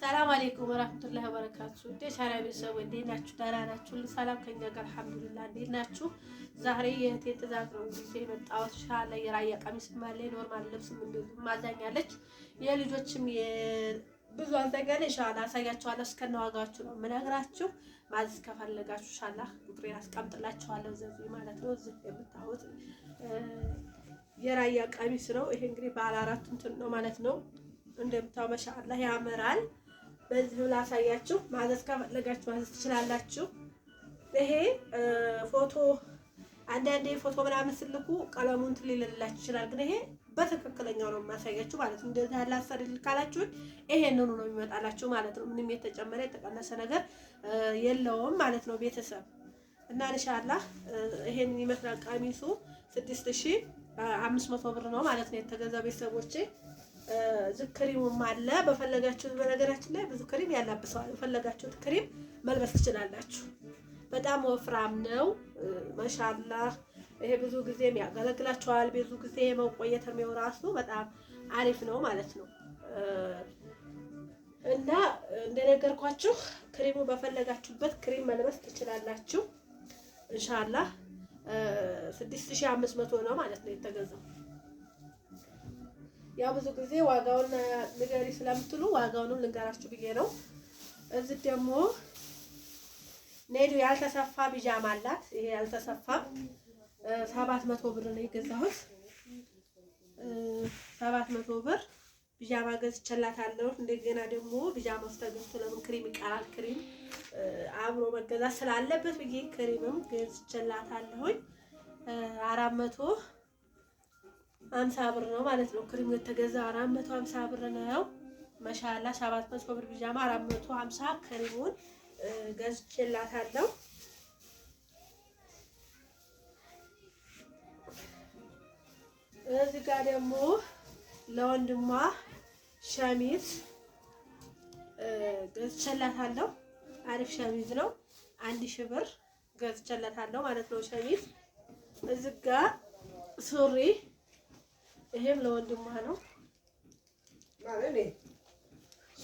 ሰላም አሌይኩም ወራህመቱላሂ ወበረካቱ። የሻራ ቤተሰብ እንዴት ናችሁ? ደህና ናችሁ? ሁሉ ሰላም ከኛ ጋር አልሐምዱሊላህ። እንዴት ናችሁ? ዛሬ የእህቴ ትእዛዝ ነው ጊዜ የመጣሁት ሻለ የራያ ቀሚስ ማለ ኖርማል ልብስ ማዛኛለች የልጆችም ብዙ አዘጋለ ኢንሻአላህ አሳያችኋለሁ። እስከነ ዋጋችሁ ነው የምነግራችሁ። ማዘዝ ከፈለጋችሁ ኢንሻአላህ ቁጥሬን አስቀምጥላችኋለሁ እዚህ ማለት ነው። እዚህ የምታዩት የራያ ቀሚስ ነው። ይሄ እንግዲህ ባለ አራት እንትን ነው ማለት ነው። እንደምታው ማሻአላህ ያምራል። በዚህ ላሳያችሁ። ማዘዝ ከፈለጋችሁ ማዘዝ ትችላላችሁ። ይሄ ፎቶ አንዳንዴ ፎቶ ምናምን ስልኩ ቀለሙን ትልልላችሁ ይችላል፣ ግን ይሄ በትክክለኛው ነው የማሳያችሁ ማለት ነው። እንደዚህ ያለ አሰሪ ካላችሁ ይሄንኑ ነው የሚመጣላችሁ ማለት ነው። ምንም የተጨመረ የተቀነሰ ነገር የለውም ማለት ነው ቤተሰብ እና ኢንሻአላህ ይሄን ይመስላል ቀሚሱ ስድስት ሺህ አምስት መቶ ብር ነው ማለት ነው የተገዛ ቤተሰቦቼ ዝክሪሙም አለ በፈለጋችሁት። በነገራችን ላይ ብዙ ክሪም ያላብሰዋል። በፈለጋችሁት ክሪም መልበስ ትችላላችሁ። በጣም ወፍራም ነው ማሻላ። ይሄ ብዙ ጊዜ ያገለግላችኋል። ብዙ ጊዜ መቆየት የሚው ራሱ በጣም አሪፍ ነው ማለት ነው። እና እንደነገርኳችሁ ክሪሙ በፈለጋችሁበት ክሪም መልበስ ትችላላችሁ። እንሻላ 6500 ነው ማለት ነው የተገዛው። ያው ብዙ ጊዜ ዋጋውን ንገሪ ስለምትሉ ዋጋውንም ልንገራችሁ ብዬ ነው። እዚህ ደግሞ ኔዱ ያልተሰፋ ቢጃማ አላት። ይሄ ያልተሰፋ ሰባት መቶ ብር ነው የገዛሁት። ሰባት መቶ ብር ቢጃማ ገዝቼላታለሁ። እንደገና ደግሞ ቢጃማ ውስጥ ተገዝቶ ለምን ክሪም ይቀራል? ክሪም አብሮ መገዛት ስላለበት ብዬ ክሪምም ገዝቼላታለሁኝ አራት መቶ አምሳ ብር ነው ማለት ነው። ክሪም የተገዛ አራት መቶ ሀምሳ ብር ነው። መሻላ ሰባት መቶ ብር ቢጃማ አራት መቶ ሀምሳ ክሪሙን ገዝቼላታለሁ። እዚህ ጋር ደግሞ ለወንድሟ ሸሚዝ ገዝቼላታለሁ። አሪፍ ሸሚዝ ነው። አንድ ሺህ ብር ገዝቼላታለሁ ማለት ነው። ሸሚዝ እዚህ ጋር ሱሪ ይሄም ለወንድሟ ነው።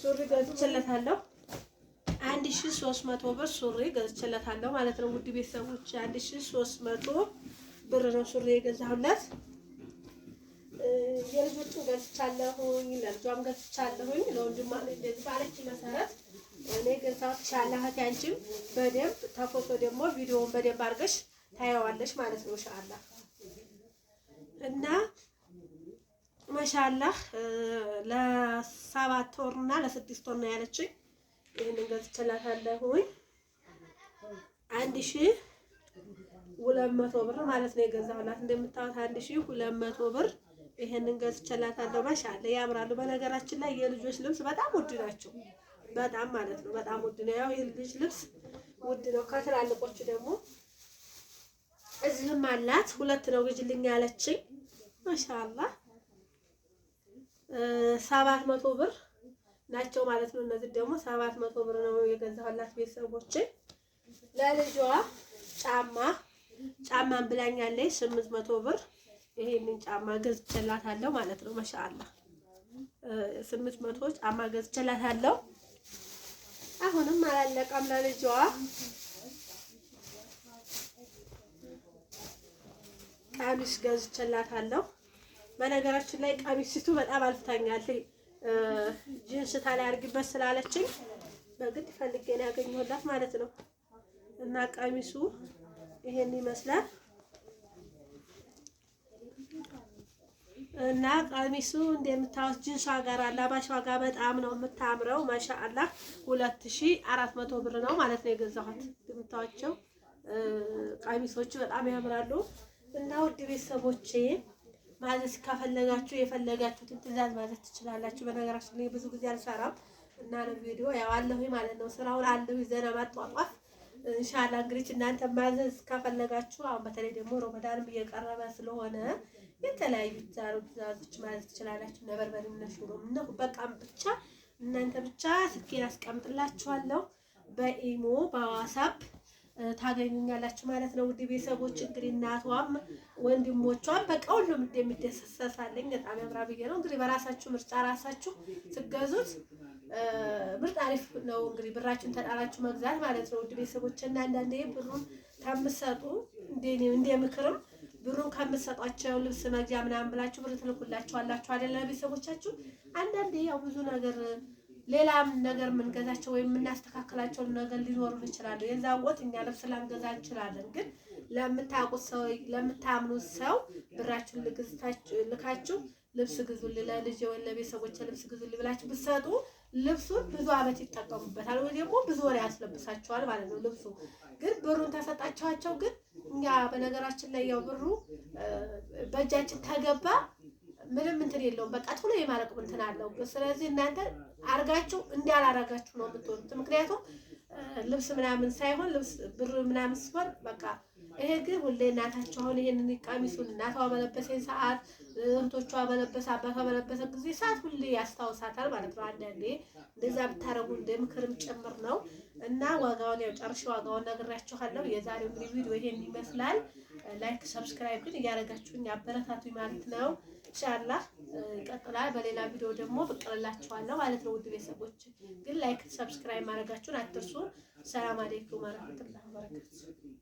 ሱሪ ገዝቼለታለሁ። አንድ ሺህ ሦስት መቶ ብር ሱሪ ገዝቼለታለሁ ማለት ነው። ውድ ቤተሰቦች አንድ ሺህ ሦስት መቶ ብር ነው ሱሪ የገዛሁለት። የልጆቹን ገዝቻለሁኝ፣ ለልጇም ገዝቻለሁኝ፣ ለወንድሟ እንደዚህ ባለች መሰረት እኔ በደንብ ተፎቶ ደግሞ ቪዲዮውን በደንብ አድርገሽ ታየዋለሽ ማለት ነው። እና መሻላህ ለሰባት ወር እና ለስድስት ወር ነው ያለችኝ። ይህንን ገዝቼላታለሁኝ አንድ ሺህ ሁለት መቶ ብር ማለት ነው የገዛሁላት። እንደምታዩት አንድ ሺህ ሁለት መቶ ብር ይሄንን ገዝቼላታለሁ። መሻለ ያምራሉ። በነገራችን ላይ የልጆች ልብስ በጣም ውድ ናቸው። በጣም ማለት ነው በጣም ውድ ነው። ያው የልጆች ልብስ ውድ ነው። ከትላልቆቹ ደግሞ እዚህም አላት። ሁለት ነው ግጅልኝ ያለችኝ። ማሻአላህ ሰባት መቶ ብር ናቸው ማለት ነው። እነዚህ ደግሞ ሰባት መቶ ብር ነው የገዛሁላት ቤተሰቦች። ለልጇ ጫማ ጫማን ብላኛለች ስምንት መቶ ብር ይሄንን ጫማ ገዝቼላታለሁ ማለት ነው። ማሻአላ ስምንት መቶ ጫማ ገዝቼላታለሁ። አሁንም አላለቀም ለልጇ ቀሚስ ገዝቼላታለሁ በነገራችን ላይ ቀሚስቱ በጣም አልፍታኛል ጅንስ ታላይ አድርግበት ስላለችኝ በግድ ፈልጌ ነው ያገኘሁላት ማለት ነው። እና ቀሚሱ ይሄን ይመስላል። እና ቀሚሱ እንደምታዩት ጅንሷ ጋር አላባሽ ዋጋ በጣም ነው የምታምረው። ማሻአላ 2400 ብር ነው ማለት ነው የገዛኋት። እንደምታዩቸው ቀሚሶቹ በጣም ያምራሉ። እና ውድ ቤተሰቦቼ ማዘዝ ከፈለጋችሁ የፈለጋችሁትን ትእዛዝ ማዘዝ ትችላላችሁ። በነገራችን ላይ ብዙ ጊዜ አልሰራም እና ነው ቪዲዮ ያው አለሁ ማለት ነው። ስራውን አለሁ ዘና ማጧጧፍ እንሻላ። እንግዲህ እናንተ ማዘዝ ከፈለጋችሁ አሁን በተለይ ደግሞ ሮመዳንም እየቀረበ ስለሆነ የተለያዩ ትእዛዞች ማዘዝ ትችላላችሁ። ነበርበር ነሽሮ ነው በቃም ብቻ እናንተ ብቻ ስልኬን አስቀምጥላችኋለሁ በኢሞ በዋትስአፕ ታገኙኛላችሁ ማለት ነው። ውድ ቤተሰቦች እንግዲህ እናቷም ወንድሞቿም በቃ ሁሉም እንደሚደሰሳለኝ በጣም ያምራ ብዬ ነው እንግዲህ በራሳችሁ ምርጫ ራሳችሁ ስገዙት ምርጥ አሪፍ ነው። እንግዲህ ብራችሁን ተጣራችሁ መግዛት ማለት ነው። ውድ ቤተሰቦች እና አንዳንዴ ብሩን ከምትሰጡ እንደ ምክርም ብሩን ከምትሰጧቸው ልብስ መግዣ ምናምን ብላችሁ ብር ትልኩላችሁ አላችሁ አይደለ ቤተሰቦቻችሁ አንዳንዴ ያው ብዙ ነገር ሌላም ነገር የምንገዛቸው ወይም የምናስተካክላቸው ነገር ሊኖሩ ይችላሉ። የዛን ወጥ እኛ ልብስ ላንገዛ እንችላለን። ግን ለምታውቁት ሰው ለምታምኑት ሰው ብራችሁን ልካችሁ ልብስ ግዙልኝ፣ ለልጅ ወይ ለቤተሰቦች ልብስ ግዙልኝ ብላችሁ ብትሰጡ ልብሱን ብዙ ዓመት ይጠቀሙበታል ወይ ደግሞ ብዙ ወር ያስለብሳቸዋል ማለት ነው። ልብሱ ግን ብሩን ተሰጣቸዋቸው ግን እኛ በነገራችን ላይ ያው ብሩ በእጃችን ተገባ ምንም እንትን የለውም። በቃ ቶሎ የማለቅ እንትን አለው። ስለዚህ እናንተ አርጋችሁ እንዳላረጋችሁ ነው የምትሆኑት። ምክንያቱም ልብስ ምናምን ሳይሆን ልብስ ብር ምናምን ሲሆን በቃ ይሄ ግን ሁሌ እናታቸው አሁን ይሄንን ቀሚሱን እናቷ በለበሰኝ ሰዓት እህቶቿ በለበሰ አባቷ በለበሰ ጊዜ ሰዓት ሁሌ ያስታውሳታል ማለት ነው። አንዳንዴ እንደዛ ብታረጉ እንደ ምክርም ጭምር ነው እና ዋጋውን ያው ጨርሼ ዋጋውን ነግሬያችኋለሁ። የዛሬው እንግዲህ ቪዲዮ ይሄን ይመስላል። ላይክ ሰብስክራይብ ግን እያደረጋችሁኝ አበረታቱኝ ማለት ነው። ኢንሻላህ ይቀጥላል። በሌላ ቪዲዮ ደግሞ ብቅልላችኋለሁ ማለት ነው። ውድ ቤተሰቦች ግን ላይክ ሰብስክራይብ ማድረጋችሁን አትርሱ። ሰላም አለይኩም ወረህመቱላሂ ወበረካቱህ